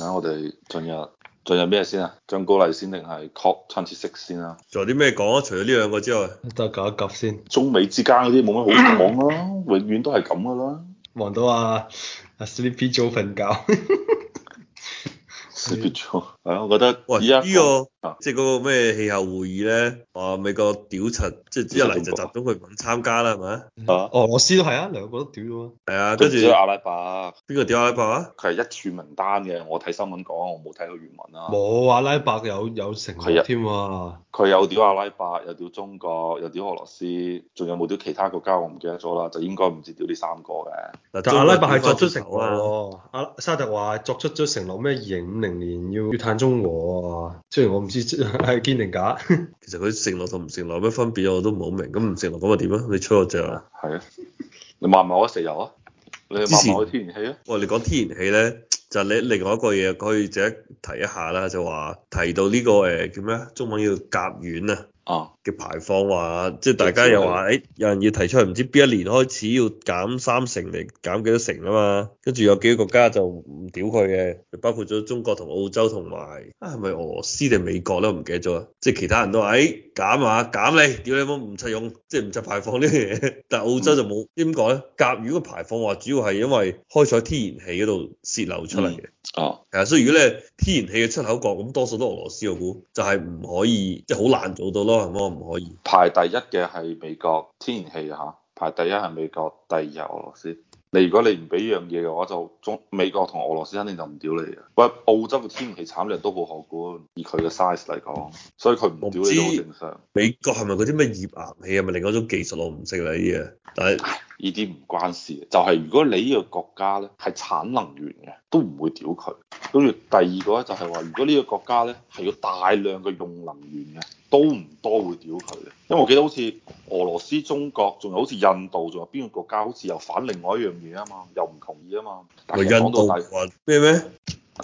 嗱、啊，我哋進入進入咩先啊？張高麗先定係確親切食先啦、啊。仲有啲咩講啊？除咗呢兩個之外，都係夾一夾先。中美之間嗰啲冇乜好講咯、啊，啊、永遠都係咁噶啦。望到啊阿、啊、s, sleepy 早瞓覺，sleepy 早係啊，我覺得依家。即係嗰個咩氣候會議咧，啊美國屌柒，即係一嚟就集中去搵參加啦，係咪？啊！俄羅斯都係啊，兩、哦啊、個都屌啊！係啊，跟住阿拉伯，邊個屌阿拉伯啊？佢係一串名單嘅，我睇新聞講，我冇睇到原文啊。冇阿拉伯有有，有成日添啊！佢有屌阿拉伯，又屌中國，又屌俄羅斯，仲有冇屌其他國家？我唔記得咗啦，就應該唔知屌呢三個嘅。但，中但阿拉伯係作出承諾，阿、啊、沙特話作出咗承諾咩？二零五零年要脫碳中和、啊，雖然我。唔知係堅定假，其實佢承諾同唔承諾有乜分別，我都唔好明。咁唔承諾咁又點啊？ 前你吹我隻啊？係啊，你賣唔賣我石油啊？你賣唔賣我天然氣啊？喂，你講天然氣咧，就你另外一個嘢可以值得提一下啦，就話提到呢、這個誒、欸、叫咩？中文叫甲烷啊。排放話、啊，即係大家又話，誒、欸、有人要提出唔知邊一年開始要減三成嚟減幾多成啊嘛，跟住有幾個國家就唔屌佢嘅，包括咗中國同澳洲同埋，啊係咪俄羅斯定美國咧？唔記得咗啊！即係其他人都話，誒、欸、減啊減你，屌你冇唔實用，即係唔實排放呢啲嘢。但係澳洲就冇點講咧，甲烷嘅排放話主要係因為開採天然氣嗰度洩漏出嚟嘅。哦、嗯，係啊，所以如果你係天然氣嘅出口國咁，多數都俄羅斯我估，就係唔可以即係好難做到咯，係可以排第一嘅係美國天然氣吓，排第一係美國，第二係俄羅斯。你如果你唔俾樣嘢嘅話，就中美國同俄羅斯肯定就唔屌你嘅。喂，澳洲嘅天然氣產量都好可觀，以佢嘅 size 嚟講，所以佢唔屌你都好正常。美國係咪嗰啲咩液氮氣？係咪另外一種技術？我唔識你。依但係。呢啲唔關事，就係、是、如果你呢個國家咧係產能源嘅，都唔會屌佢。跟住第二個呢，就係話，如果呢個國家咧係要大量嘅用能源嘅，都唔多會屌佢嘅。因為我記得好似俄羅斯、中國，仲有好似印度，仲有邊個國家，好似又反另外一樣嘢啊嘛，又唔同意啊嘛。咪印度話咩咩？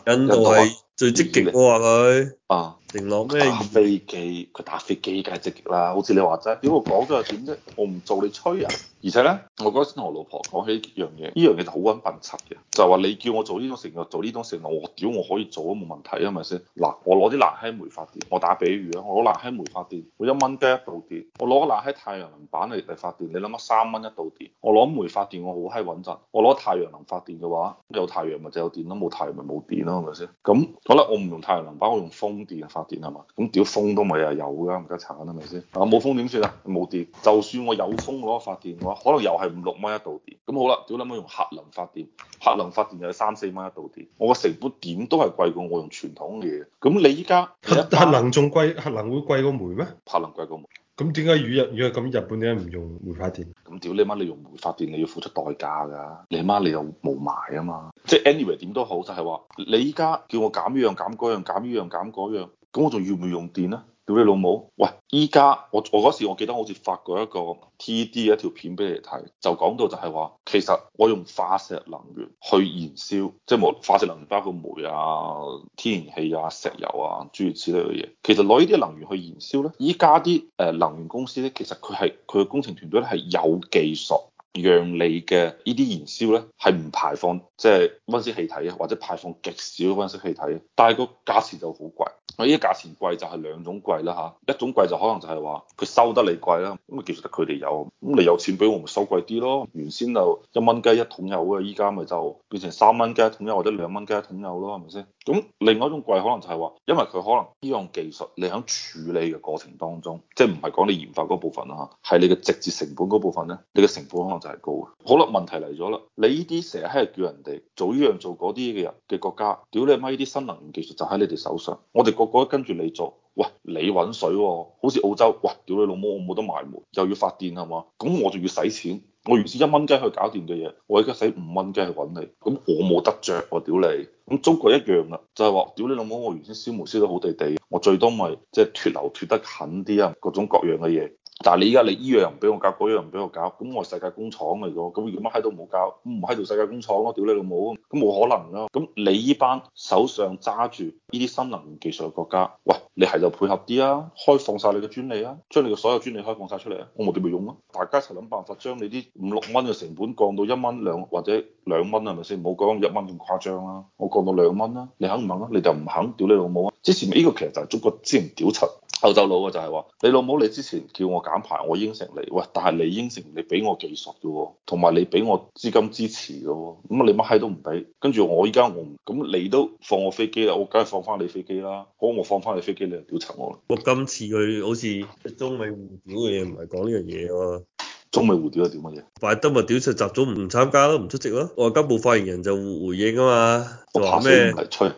印度係最積極嘅話佢。啊！零落咩？打飛機，佢打飛機梗係積極啦。好似你話啫，屌我講咗又點啫？我唔做你吹啊！而且咧，我嗰陣先同我老婆講起樣嘢，依樣嘢就好撚笨柒嘅，就係、是、話你叫我做呢種成日做呢種成日，我屌我可以做都冇問題，係咪先？嗱，我攞啲爛閪煤發電，我打比喻啊，我攞爛閪煤發電，我一蚊雞一度電，我攞爛閪太陽能板嚟嚟發電，你諗下三蚊一度電，我攞煤發電我好閪穩陣，我攞太陽能發電嘅話，有太陽咪就有電咯，冇太陽咪冇電咯，係咪先？咁好啦，我唔用太陽能板，我用風。風電發電係嘛？咁屌風都咪係有㗎，唔得慘啊，係咪先？啊冇風點算啊？冇電，就算我有風個發電嘅話，可能又係五六蚊一度電。咁好啦，屌諗我用核能發電，核能發電又係三四蚊一度電。我個成本點都係貴過我用傳統嘅嘢。咁你依家核，核能仲貴？核能會貴過煤咩？核能貴過煤。咁點解，如果如果咁日本點解唔用煤發電？咁屌你媽！你用煤發電，你要付出代價㗎。你媽，你又霧霾啊嘛。即係 anyway 點都好，就係話你依家叫我減呢樣減嗰樣減呢樣減嗰樣，咁我仲要唔要用電啊？屌你老母！喂，依家我我嗰時我記得我好似發過一個 T D 一條片俾你睇，就講到就係話，其實我用化石能源去燃燒，即係無化石能源包括煤啊、天然氣啊、石油啊諸如此類嘅嘢。其實攞呢啲能源去燃燒咧，依家啲誒能源公司咧，其實佢係佢嘅工程團隊咧係有技術。讓你嘅呢啲燃燒咧係唔排放即係溫室氣體啊，或者排放極少溫室氣體，但係個價錢就好貴。呢個價錢貴就係兩種貴啦嚇，一種貴就可能就係話佢收得你貴啦，咁咪技術得佢哋有，咁你有錢俾我咪收貴啲咯。原先就一蚊雞一桶油嘅，依家咪就變成三蚊雞一桶油或者兩蚊雞一桶油咯，係咪先？咁另外一種貴可能就係話，因為佢可能呢樣技術你喺處理嘅過程當中，即係唔係講你研發嗰部分啦嚇，係你嘅直接成本嗰部分咧，你嘅成本可能，就係就係高啊！好啦，問題嚟咗啦。你呢啲成日喺度叫人哋做呢樣做嗰啲嘅人嘅國家，屌你咪啲新能源技術就喺你哋手上。我哋個個都跟住你做，喂，你揾水喎、哦，好似澳洲，喂，屌你老母，我冇得賣煤，又要發電係嘛？咁我仲要使錢，我原先一蚊雞去搞掂嘅嘢，我而家使五蚊雞去揾你，咁我冇得着、啊，我屌你！咁中國一樣啦，就係、是、話，屌你老母，我原先燒煤燒得好地地，我最多咪即係脫硫脫得狠啲啊，各種各樣嘅嘢。但係你依家你依樣又唔俾我搞，嗰樣唔俾我搞，咁我世界工廠嚟咗，咁如果乜喺度冇搞，咁唔喺度世界工廠咯、啊，屌你老母，咁冇可能啦、啊。咁你依班手上揸住呢啲新能源技術嘅國家，喂，你係就配合啲啊，開放晒你嘅專利啊，將你嘅所有專利開放晒出嚟啊，我冇點樣用啊，大家一齊諗辦法將你啲五六蚊嘅成本降到一蚊兩或者兩蚊係咪先？唔好講一蚊咁誇張啦、啊，我降到兩蚊啦，你肯唔肯啊？你就唔肯，屌你老母啊！之前呢個其實就係中國之前屌柒歐洲佬嘅就係話，你老母你之前叫我減排，我應承你喂，但係你應承你俾我技術嘅喎，同埋你俾我資金支持嘅喎，咁你乜閪都唔俾，跟住我依家我唔咁，你都放我飛機啦，我梗係放翻你飛機啦。好，我放翻你飛機，你就屌查我啦。我今次去好似中美互屌嘅嘢，唔係講呢樣嘢啊。中美互屌係屌乜嘢？拜登咪屌查習總唔參加咯，唔出席咯。外交部發言人就回應啊嘛，我話咩？唔係吹。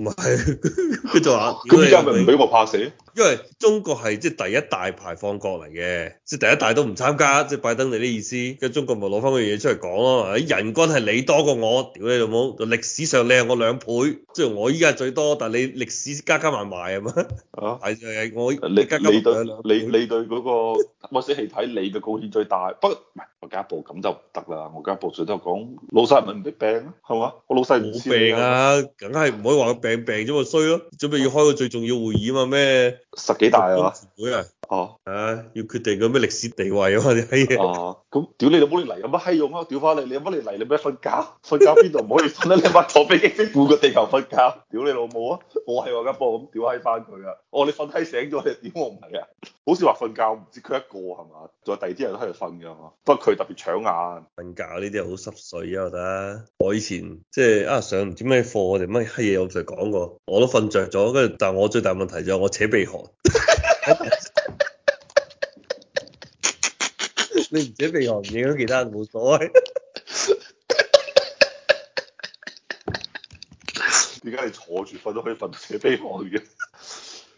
唔係，佢就話咁而家咪唔俾我拍死， 因為中國係即係第一大排放國嚟嘅，即係第一大都唔參加，即係拜登你啲意思，跟住中國咪攞翻嗰嘢出嚟講咯，人均係你多過我，屌你老母，就歷史上你係我兩倍，雖然我依家最多，但係你歷史加加埋埋 啊嘛，係就係我你你對你你對嗰、那個溫室氣體你嘅貢獻最大，不過我加一步咁就唔得啦，我加一步就都講老細係咪唔得病啊，係嘛？我老細冇病啊，梗係唔可以話佢病。 病咗咪衰咯，準備要開個最重要會議啊嘛咩十幾大會啊。哦，係、啊、要決定個咩歷史地位喎啲閪嘢。哦，咁、啊、屌你老母你嚟有乜閪用啊？屌翻你，你有乜你嚟？你咪瞓覺，瞓覺邊度唔可以瞓咧？你咪坐飛機飛半個地球瞓覺。屌你老母啊！我係我家波咁屌閪翻佢啊！我你瞓低醒咗，你屌我唔係啊！好似話瞓覺唔知佢一個係嘛？仲有第二啲人都喺度瞓㗎嘛？不過佢特別搶眼。瞓覺呢啲又好濕水啊！我覺得我以前即係啊上唔知咩課定乜閪嘢，我成日講過，我都瞓着咗。跟住，但係我最大問題就係我扯鼻鼾。你唔扯鼻鼾影響其他人冇所謂。點 解你坐住瞓都可以瞓到扯鼻鼾嘅？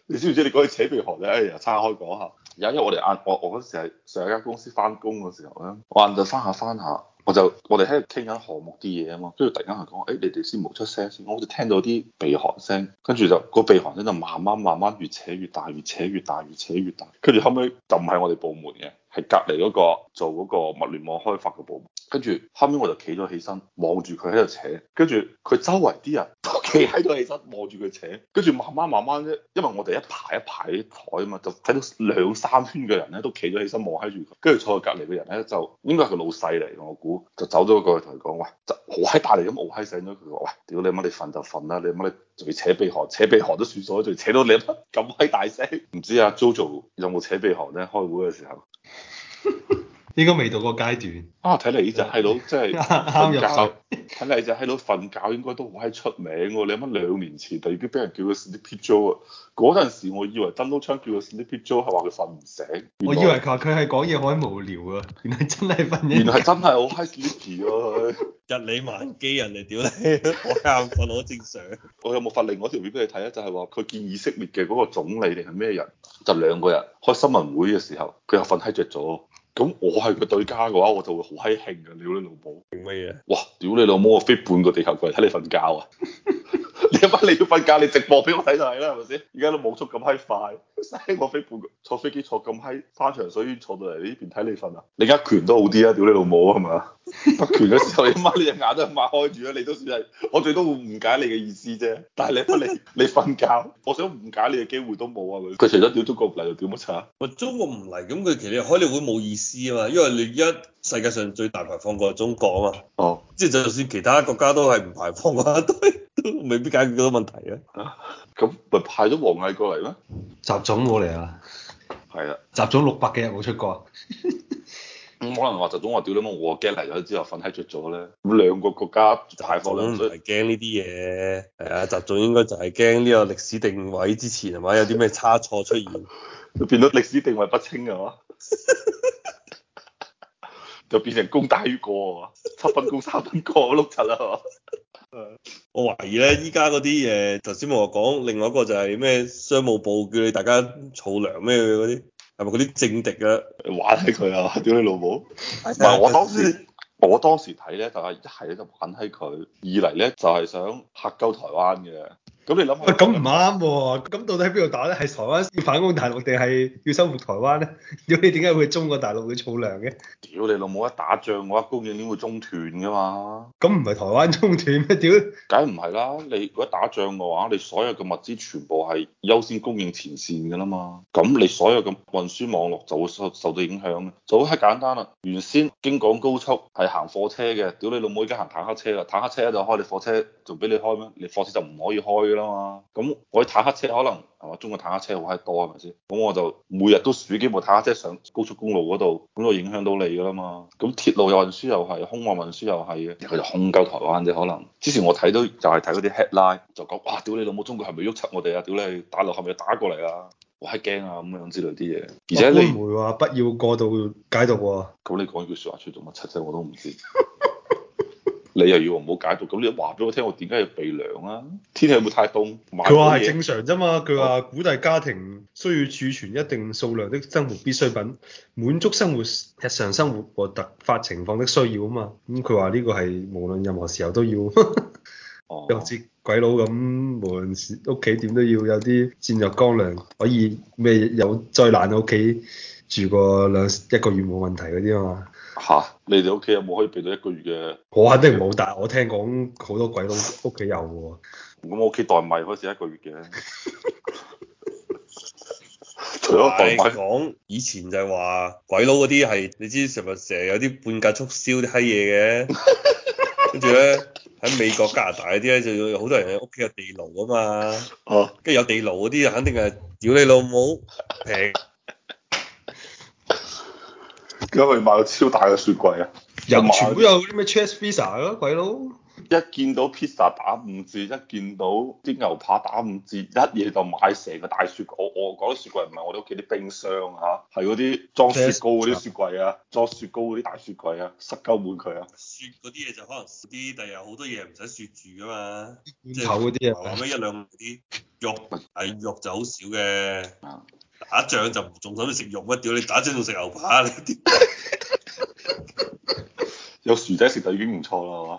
你知唔知你講起扯鼻鼾咧？又、哎、岔開講下。有因日我哋晏我我嗰時係上一間公司翻工嘅時候咧，晏就翻下翻下，下，我就我哋喺度傾緊項目啲嘢啊嘛，跟住突然間佢講：，誒、欸，你哋先冇出聲先，我好似聽到啲鼻鼾聲，跟住就、那個鼻鼾聲就慢慢慢慢越扯越大，越扯越大，越扯越大，跟住後尾就唔係我哋部門嘅。係隔離嗰個做嗰個物聯網開發嘅部門，跟住後面我就企咗起身，望住佢喺度扯，跟住佢周圍啲人都企喺度起身望住佢扯，跟住慢慢慢慢咧，因為我哋一排一排台啊嘛，就睇到兩三圈嘅人咧都企咗起身望喺住佢，跟住坐喺隔離嘅人咧就應該係個老細嚟，我估就走咗過去同佢講：喂，就好閪大力咁，敖閪醒咗佢，喂，屌你乜你瞓就瞓啦，你乜你仲要扯鼻鼾，扯鼻鼾都算數，仲扯到你咁閪大聲？唔知阿、啊、JoJo 有冇扯鼻鼾咧？開會嘅時候。應該未到個階段啊！睇嚟呢隻喺度，真係瞓入睇嚟就只喺度瞓覺， 覺應該都好閪出名、哦。你諗下，兩年前就已經俾人叫佢 Sleepy Joe 啊，嗰陣時我以為 Donald Trump 叫佢 Sleepy Joe 係話佢瞓唔醒，我以為佢佢係講嘢好閪無聊啊，原來真係瞓。嘢。原來真係好閪 Sleepy 啊！日理萬機，人嚟屌你，我瞓我正常。我有冇發另外一條片俾你睇啊？就係話佢見以色列嘅嗰個總理定係咩人，就兩、是、個人開新聞會嘅時候，佢又瞓閪着咗。咁我係佢對家嘅話，我就會好閪興嘅。屌你老母！興乜嘢？哇！屌你老母！我飛半個地球過嚟睇你瞓覺啊！ 你阿媽你要瞓覺，你直播俾我睇睇啦，係咪先？而家都冇速咁閪快，我飛半坐飛機坐咁閪山長水遠坐到嚟呢邊睇你瞓啊！你而家拳都好啲啊，屌你老母啊，係咪啊？ 拳嘅時候，你阿媽你隻眼都擘開住啊，你都算係我最多會誤解你嘅意思啫。但係你不你你瞓覺， 我想誤解你嘅機會都冇啊佢。 除咗屌中國唔嚟，就屌乜柒？我中國唔嚟，咁佢其實開你會冇意思啊嘛，因為你一世界上最大排放國係中國啊嘛。哦。即係就算其他國家都係唔排放嗰一 未必解決好多問題啊！咁咪、啊、派咗王毅過嚟咩？習總過嚟啊，係啊，習總六百幾日冇出過，咁 可能話習總話：屌你媽，我啊驚嚟咗之後瞓喺着咗咧。咁兩個國家大貨量，所以驚呢啲嘢。係 啊，習總應該就係驚呢個歷史定位之前係嘛？有啲咩差錯出現，變到歷史定位不清啊嘛，就變成功大於過，七分功三分過，碌柒啊！誒，我懷疑咧，依家嗰啲嘢，頭先咪話我講，另外一個就係咩商務部叫你大家儲糧咩嗰啲，係咪嗰啲政敵嘅玩起佢啊，屌你老母！唔係 我當時， 我當時睇咧就係一係咧就玩起佢，二嚟咧就係想吓鳩台灣嘅。咁你諗下、啊，咁唔啱喎！咁到底喺邊度打咧？係台灣先反攻大陸定係要收復台灣咧？咁你點解會中國大陸會儲糧嘅？屌你老母！一打仗嘅話，供應鏈會中斷嘅嘛？咁唔係台灣中斷咩？屌！梗唔係啦！你如果打仗嘅話，你所有嘅物資全部係優先供應前線嘅啦嘛。咁你所有嘅運輸網絡就會受到影響。就好係簡單啦、啊。原先京港高速係行貨車嘅，屌你老母！而家行坦克車啦，坦克車就開，你貨車仲俾你開咩？你貨車就唔可以開。啦嘛，咁我啲坦克車可能係嘛，中國坦克車好閪多係咪先？咁我就每日都駛幾部坦克車上高速公路嗰度，咁都影響到你㗎啦嘛。咁鐵路運輸又係，空運運輸又係嘅，佢就控夠台灣啫。可能之前我睇到就係、是、睇嗰啲 headline 就講，哇！屌你老母，中國係咪喐柒我哋啊？屌你大陸係咪又打過嚟啊？我閪驚啊咁樣之類啲嘢。而且你唔會話不，不要過度解讀喎、啊。咁你講句説話出到乜七聲我都唔知。 你又要我唔好解讀，咁你話俾我聽，我點解要備糧啊？天氣有冇太凍？佢話係正常啫嘛。佢話鼓勵家庭需要儲存一定數量的生活必需品，滿足生活日常生活和突發情況的需要啊嘛。咁佢話呢個係無論任何時候都要，即係好似鬼佬咁，無論屋企點都要有啲戰略乾糧，可以咩有再難喺屋企住個兩一個月冇問題嗰啲啊嘛。嚇、啊！你哋屋企有冇可以備到一個月嘅？我肯定冇，但我聽講好多鬼佬屋企有喎。咁我屋企袋米嗰時一個月嘅。係講 以前就係話鬼佬嗰啲係，你知成日成日有啲半價促銷啲閪嘢嘅。跟住咧喺美國加拿大嗰啲咧，就有好多人喺屋企有地牢啊嘛。哦、啊。跟住有地牢嗰啲啊，肯定係屌你老母平。咁佢買個超大嘅雪櫃啊！人全部有啲咩 Cheese Pizza 啊，鬼佬一見到 Pizza 打五折，一見到啲牛扒打五折，一嘢就買成個大雪櫃。我我講啲雪櫃唔係我哋屋企啲冰箱嚇、啊，係嗰啲裝雪糕嗰啲雪櫃啊，裝雪糕嗰啲大雪櫃啊，塞鳩滿佢啊！雪嗰啲嘢就可能少啲，第日好多嘢唔使雪住噶嘛， 即係嗰啲啊咩一兩啲肉係肉就好少嘅。 打仗就唔仲想食肉咩？屌你！打仗仲食牛扒？你啲 有薯仔食就已經唔錯啦，係嘛！